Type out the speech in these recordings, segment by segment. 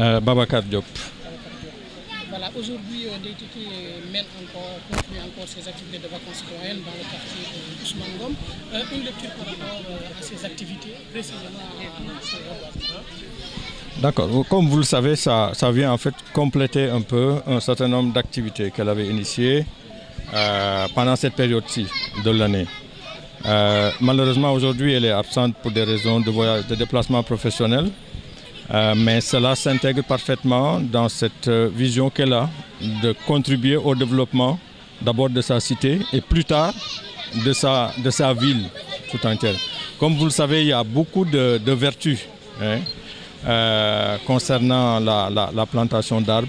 Euh, Babacar Diop. Voilà, aujourd'hui, euh, DTT euh, Comme vous le savez, ça, ça en fait compléter un peu un certain nombre d'activités qu'elle avait initiées euh, pendant cette période-ci de l'année. Euh, malheureusement, aujourd'hui, elle est absente pour des raisons de voyage, de déplacement professionnel. Euh, mais cela s'intègre parfaitement dans cette euh, vision qu'elle a de contribuer au développement d'abord de sa cité et plus tard de sa, de sa ville tout entière. Comme vous le savez, il y a beaucoup de, de vertus hein, euh, concernant la, la, la plantation d'arbres.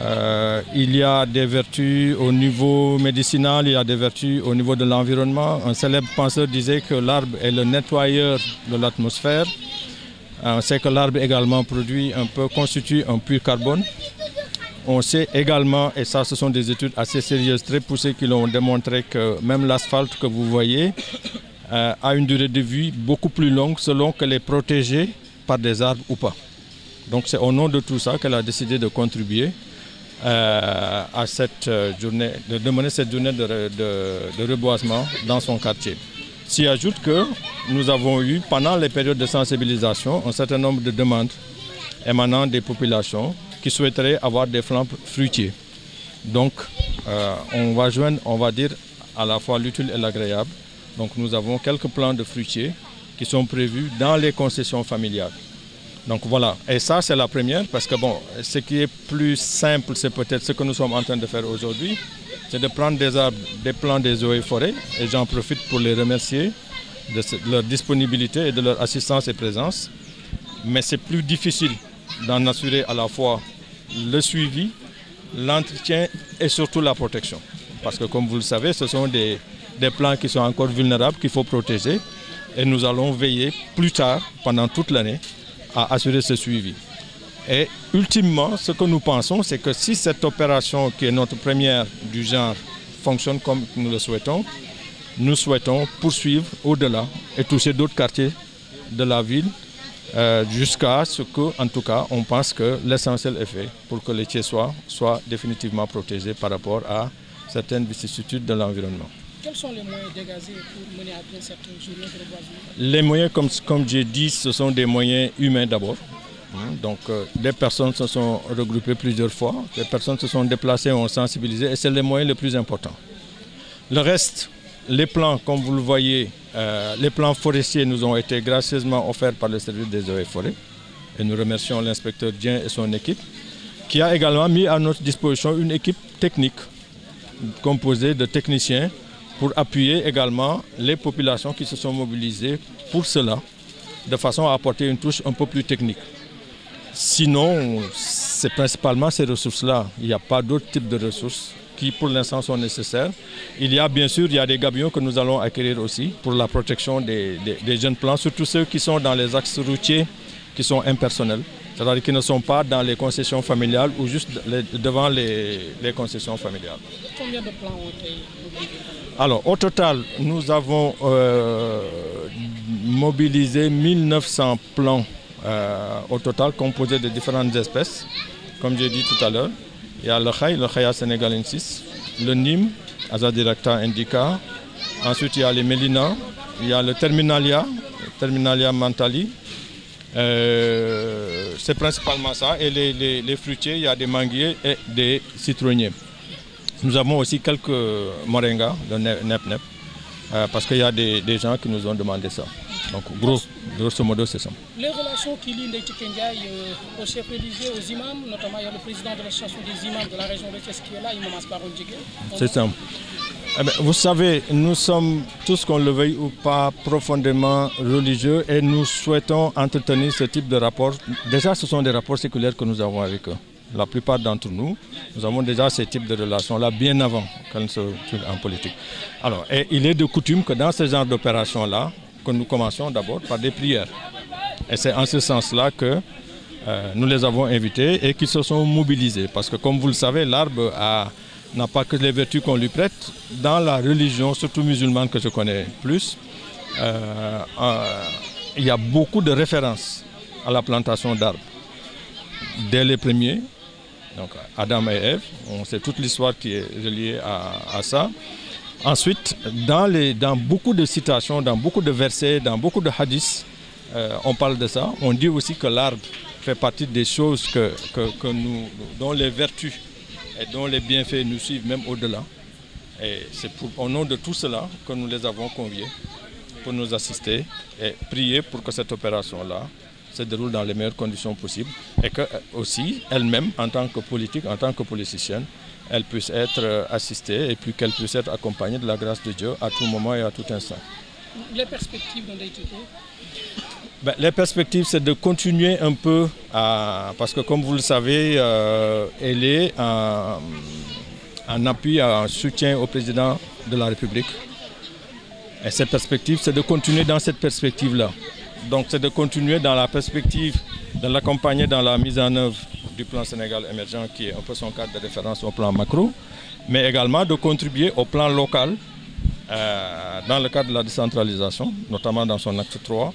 Euh, il y a des vertus au niveau médicinal, il y a des vertus au niveau de l'environnement. Un célèbre penseur disait que l'arbre est le nettoyeur de l'atmosphère, c'est euh, que l'arbre également produit un peu, constitue un puits carbone. On sait également, et ça ce sont des études assez sérieuses, très poussées, qui l'ont démontré que même l'asphalte que vous voyez euh, a une durée de vie beaucoup plus longue selon qu'elle est protégée par des arbres ou pas. Donc c'est au nom de tout ça qu'elle a décidé de contribuer euh, à cette euh, journée, de mener cette journée de reboisement dans son quartier. S'y ajoute que nous avons eu, pendant les périodes de sensibilisation, un certain nombre de demandes émanant des populations qui souhaiteraient avoir des flancs fruitiers. Donc, euh, on va joindre, on va dire, à la fois l'utile et l'agréable. Donc, nous avons quelques plans de fruitiers qui sont prévus dans les concessions familiales. Donc voilà, et ça c'est première parce que bon, ce qui est plus simple, c'est peut-être ce que nous sommes en train de faire aujourd'hui, c'est de prendre des arbres, des plans des eaux et forêts, et j'en profite pour les remercier de leur disponibilité et de leur assistance et présence. Mais c'est plus difficile d'en assurer à la fois le suivi, l'entretien et surtout la protection. Parce que comme vous le savez, ce sont des, des plans qui sont encore vulnérables, qu'il faut protéger, et nous allons veiller plus tard, pendant toute à assurer ce suivi. Et ultimement, ce que nous pensons, c'est que si cette opération, qui est notre première du genre, fonctionne comme nous le souhaitons, nous souhaitons poursuivre au-delà et toucher d'autres quartiers de la ville euh, jusqu'à ce que, en tout cas, on pense que l'essentiel est fait pour que les Thiessois soient définitivement protégés par rapport à certaines vicissitudes de l'environnement. Quels les moyens comme, comme j'ai dit, ce sont des moyens humains d'abord. Donc des euh, les personnes se sont regroupées plusieurs fois, les personnes se sont déplacées, ont sensibilisé et c'est le moyen le plus Le reste, les plans, comme vous le voyez, euh, les plans forestiers nous ont été gracieusement offerts par le service des eaux et forêts. Et nous remercions l'inspecteur Dien et son équipe, qui a également mis à notre disposition une équipe technique composée de techniciens pour appuyer également les populations qui se sont mobilisées pour cela, de façon à apporter une touche un peu plus technique. Sinon, c'est principalement ces ressources-là. Il n'y a pas d'autres types de ressources qui, pour l'instant, sont nécessaires. Il y a bien sûr il y a des gabions que nous allons acquérir aussi pour la protection des, des, des jeunes plants, surtout ceux qui sont dans les axes routiers qui sont impersonnels, c'est-à-dire qui ne sont pas dans les concessions familiales ou juste les, devant les, les concessions familiales. Alors, au total, nous avons euh, mobilisé 1900 plants euh, au total, composés de différentes espèces. Comme j'ai dit tout à l'heure, le khay, le khaya sénégalensis, le nîmes, Azadiracta indica. Ensuite, il y a le terminalia, le euh, C'est principalement ça. Et les, fruitiers, il y a des manguiers et des citronniers. Nous avons aussi quelques moringas de nep-nep, euh, parce qu'il y a des, des, gens qui nous ont demandé ça. Donc, gros, grosso modo, c'est ça. Les relations qui lient les Tchikendiaï euh, aux imams, notamment il y a le président des imams de la région de Thiès qui est là, Imam Asparon C'est ça. Eh bien, vous savez, nous et nous souhaitons entretenir ce type de rapport. Déjà, ce sont des rapports séculaires que nous avons avec eux. la plupart d'entre nous, nous avons déjà ce type de relation-là bien avant qu'on se trouve en politique. Alors, et il est de coutume que dans ce genre d'opération-là, que nous commençons d'abord par des prières. Et c'est en ce sens-là que euh, nous les avons invités et qu'ils se sont mobilisés. Parce que comme vous le savez, l'arbre n'a pas que les vertus qu'on lui prête. Dans la religion, surtout musulmane que je connais plus, euh, euh, il y a beaucoup de références à la plantation d'arbres. Dès les premiers, Donc Adam et Ève, c'est toute l'histoire qui est reliée à, à, ça. Ensuite, dans, les, dans beaucoup de citations, dans beaucoup de versets, dans beaucoup de hadiths, euh, on parle de ça. On dit aussi que l'arbre fait partie des choses que, que, que, nous, dont les vertus et dont les bienfaits nous suivent même au-delà. Et c'est au nom de tout cela que nous les avons conviés pour nous assister et prier pour que cette opération-là se déroule dans les meilleures conditions possibles et que euh, aussi elle-même, en tant que politique, en tant que politicienne, elle puisse être euh, assistée et puis qu'elle puisse être accompagnée de la grâce de Dieu à tout moment et à tout instant. Les perspectives de continuer un peu à... Parce que comme vous le savez, euh, elle est en, en appui, en soutien au président de la République. Et cette perspective, c'est de continuer dans cette perspective-là. Donc c'est de continuer dans la perspective de l'accompagner dans la mise en œuvre du plan Sénégal émergent qui est un peu son cadre de référence au plan macro, mais également de contribuer au plan local euh, dans le cadre de la décentralisation, notamment dans son acte 3,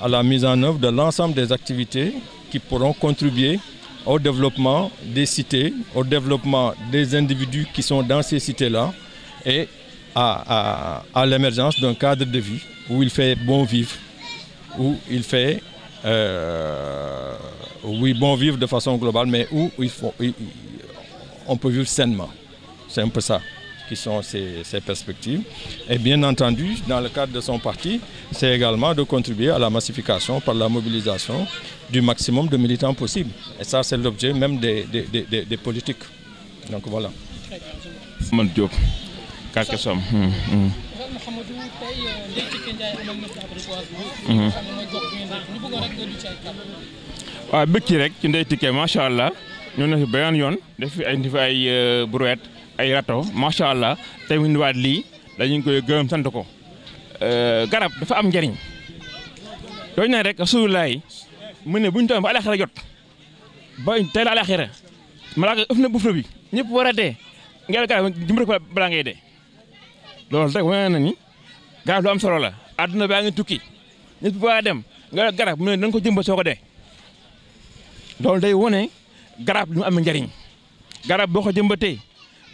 à la mise en œuvre de l'ensemble des activités qui pourront contribuer au développement des cités, au développement des individus qui sont dans ces cités-là et à, à, à l'émergence d'un cadre de vie où il fait bon vivre où il fait, euh, où ils vont vivre de façon globale, mais où il faut, il, on peut vivre sainement. C'est un peu ça qui sont ses, perspectives. Et bien entendu, dans le cadre de son parti, c'est également de contribuer à la massification par la mobilisation du maximum de militants possible. Et ça, c'est l'objet même des, des, des, des, politiques. Donc voilà. Diop, Mouhamadou tey euh, Ndeye Ndiaye mhm. rek ci ay rek ci Ndeye Tické macha allah ñoo na fi beneen yoon def fi ay def ay euh, brouette ay râteau macha allah tey mu indiwaat lii dañu koy gërëm sant ko. Euh, garab dafa am njariñ doy na rek asulaay mu ne buñu toon ba alaxira jot ba tey la alaxira malaaka ëf na bufla bi ñëpp war a dee ngel garab dimbali ko balaa ngay dee loolu rek wane na ni garab lu am solo la àdduna baa ngi tukki nit bu baa dem nga garab mu ne dañ ko jëmba soo ko de loolu day wane garab lu am njariñ garab boo ko jëmbatee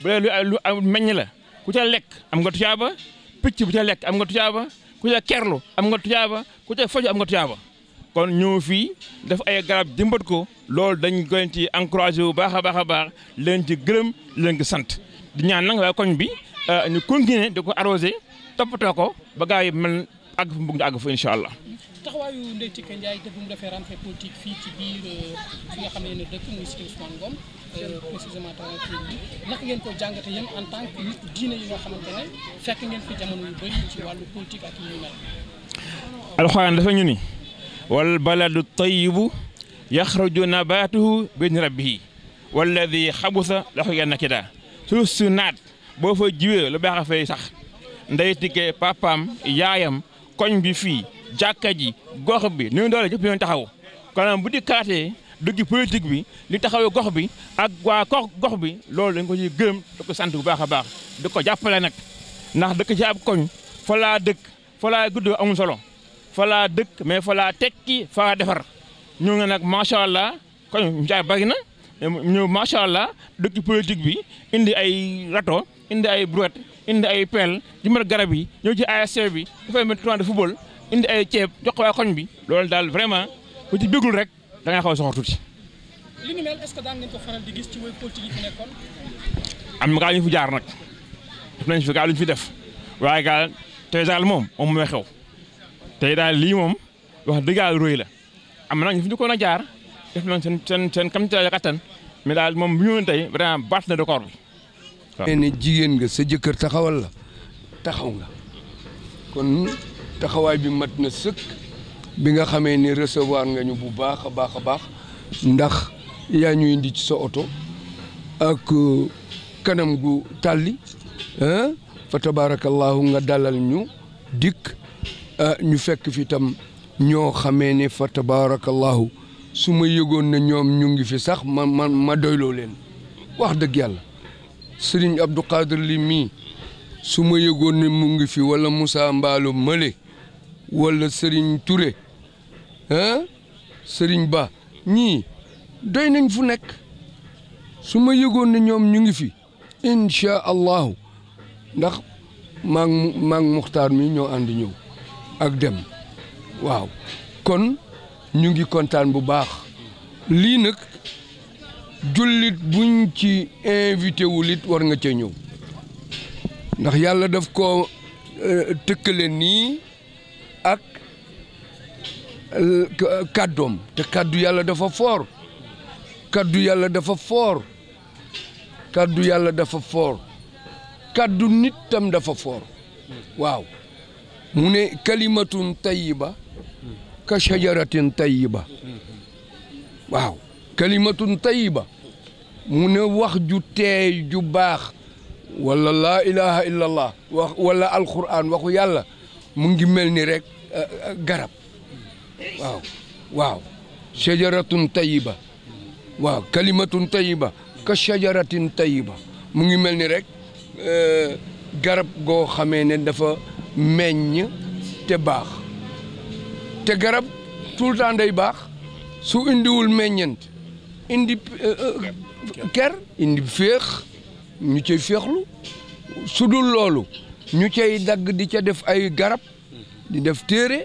bu dee lu am meññ la ku ca lekk am nga tuyaaba picc bu ca lekk am nga tuyaaba ku ca kerlu am nga tuyaaba ku ca faju am nga tuyaaba kon ñëw fii def ay garab jëmbat ko loolu dañ koy ci encouragé bu baax a baax a baax leen ci gërëm leen ci sant di ñaan nag waa koñ bi Euh, ñu continuer di ko arrosé toppatoo ko ba gars yi mel àgg fu mu bëgg ñu àgg fa incha allah. taxawaayu Ndeye Tické Ndiaye te bu mu defee rentrée fii ci biir euh, fi nga xam ne dëkk muy si Ousmane Ngom euh, précisément bi naka ngeen ko jàngate yéen en tant que diine yi nga xamante ne fekk ngeen fi jamono yu bëri ci wàllu politique ak yu mel. alxuraan dafa ñu ni wal baladu tayyibu yaxruju nabaatuhu bi idni rabbihi walladi xabusa lahu yankidaa suuf su naat. boo fa jiwee lu bee a fay sax nday tikkee papaam yaayam koñ bi fii jàkka ji gox bi ni mu doole jëpp taxaw kanam bu di kaatee dugg politique bi li taxawee gox bi ak waa gox gox bi loolu dañ ko ciy gërëm di ko sant bu baax a baax di ko jàppale nag ndax dëkk ci ab koñ fa laa dëkk fa laa guddoo amul solo fa dëkk mais fa laa tekki fa defar ñu nga nag macha allah koñ njaay bari na ñu macha allah dëkk bi indi ay rato indi ay brouette indi ay pelle jëmbal garab yi ñëw ci ASC bi dafay mel tournoi de football indi ay ceeb jox ko waa koñ bi loolu daal vraiment ku ci bëggul rek da ngay xaw a soxor di gis ci yi am na ñu fi jaar nag def nañ fi gaa lu ñu fi def waaye gaa tey daal moom moom mooy xew tey daal lii moom wax dëgg yàlla rëy la am na ñu fi ñu ko a jaar def nañ seen seen seen kam ci la kattan mais daal moom bu ñu tey vraiment baat na de corps bi. ne jigéen nga sa jëkkër taxawal la taxaw nga kon taxawaay bi mat na sëkk bi nga xamee ni recevoir nga ñu bu baax a baax a baax ndax yaa ñu indi ci sa oto ak euh, kanam gu tàlli fa tabaarakallaahu nga dalal ñu dikk euh, ñu fekk fi tam ñoo xamee ni fa tabaarakallaahu su ma yëgoon ne ñoom ñu ngi fi sax ma ma ma doyloo leen wax dëgg yàlla sëriñ Abdou Khadir li mii su ma yëgoon ne mu ngi fi wala Moussa Mballo Mële wala sëriñ ture sëriñ Ba ñii doy nañ fu nekk su ma yëgoon ne ñoom ñu ngi fi incha allahu ndax maa ngi maa muxtaar mi ñoo ànd ñëw ak dem waaw kon ñu ngi kontaan bu baax lii nag jullit buñ ci invité wul it war nga ca ñëw ndax yàlla daf ko euh, tëkkale nii ak euh, kàddoom te kàddu yàlla dafa foor kàddu yàlla dafa foor kàddu yàlla dafa foor kàddu nit tam dafa foor waaw mu ne kalimatun ba ka shajaratin tayiba waaw kalimatun tayiba mu ne wax ju teey ju baax wala laa ilaha illa wax wala alquran waxu yàlla mu ngi mel ni rekk eh, eh, garab waaw waaw shajaratun tayiba waaw kalimatuñ tayiba ka shajaratin tayiba mu ngi mel ni rek eh, garab goo xamee ne dafa meññ te baax te garab tout le temps day baax su indiwul meññent indi euh, ker indi féex ñu cay féexlu sudul loolu ñu cay dagg di ca def ay garab di def téere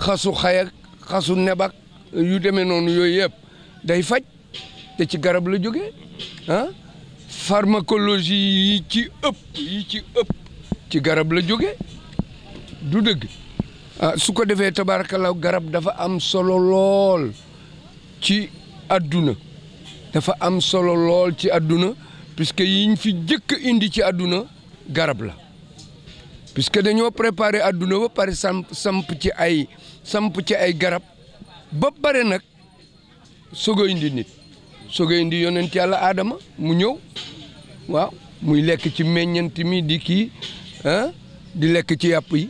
xasu xayak xasu nebak yu demee noonu yooyu yëpp day faj te ci garab la jóge ah yi ci ëpp yi ci ëpp ci garab la jóge du dëgg ah, su ko defee tabaarkalla garab dafa am solo lool ci àdduna dafa am solo lool ci àdduna puisque yiñ fi jëkk indi ci àdduna garab la puisque dañoo préparer àdduna ba pare samp samp ci ay samp ci ay garab ba pare nag soog a indi nit soog a indi yonent yàlla aadama mu ñëw waaw muy lekk ci meññent mi di kii ah, di lekk ci yàpp yi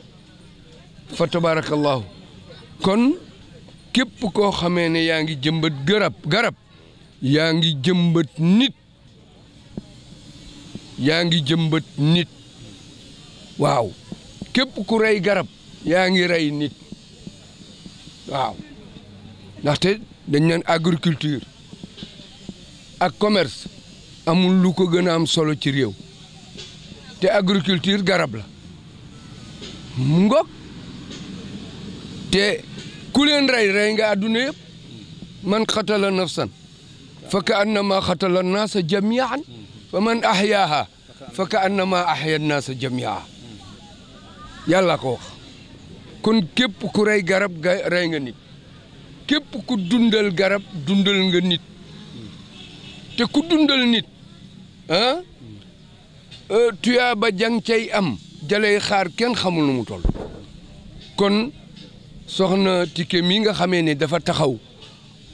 fa tabaarakallaahu kon képp koo xamee ne yaa ngi jëmbat garab garab yaa ngi jëmbat nit yaa ngi jëmbët nit waaw képp ku rey garab yaa ngi rey nit waaw ndaxte dañ naan agriculture ak commerce amul lu ko gën a am solo ci réew te agriculture garab la mu ngoog te ku leen rey rey nga àdduna yëpp man xatala nafsan fa ka annama xatala naasa jamian fa man ahyaaha fa ka annama ahya naasa jamiaa yàlla ko wax kon képp ku rey garab rey nga nit képp ku dundal garab dundal nga nit te ku dundal nit ah euh, ba jang cay am jalay xaar kenn xamul nu mu toll kon soxna Tike mi nga xamee ne dafa taxaw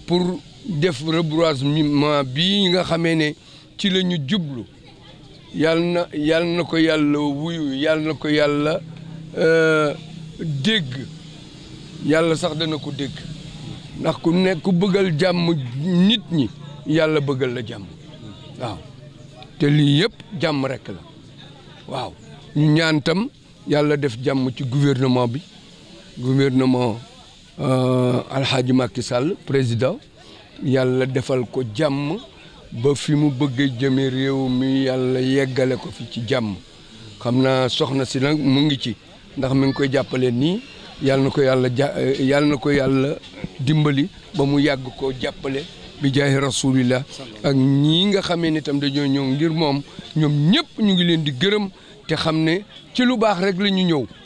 pour def reboisement bii nga xamee ne ci lañu jublu yal na yal na ko yàlla wuyu yal na ko yàlla euh, dégg yàlla sax dana ko dégg ndax ku nekk bëggal jàmm nit ñi yàlla bëggal la jàmm waaw te lii yëpp jàmm rekk la waaw ñu ñaantam yàlla def jàmm ci gouvernement bi gouvernement euh, alxaaji Macky Sall président yàlla defal ko jàmm ba fi mu bëggee jëme réew mi yàlla yeggale ko fi ci jàmm xam naa soxna si nag mu ngi ci ndax mi ngi koy jàppale nii yàlla na ko yàlla ja eh, yàlla na ko yàlla dimbali ba mu yàgg koo jàppale bi jaahi rasulillah ak ñii nga xamee ne tam dañoo ñëw ngir moom ñoom ñëpp ñu ngi leen di gërëm te xam ne ci lu baax rek lañu ñëw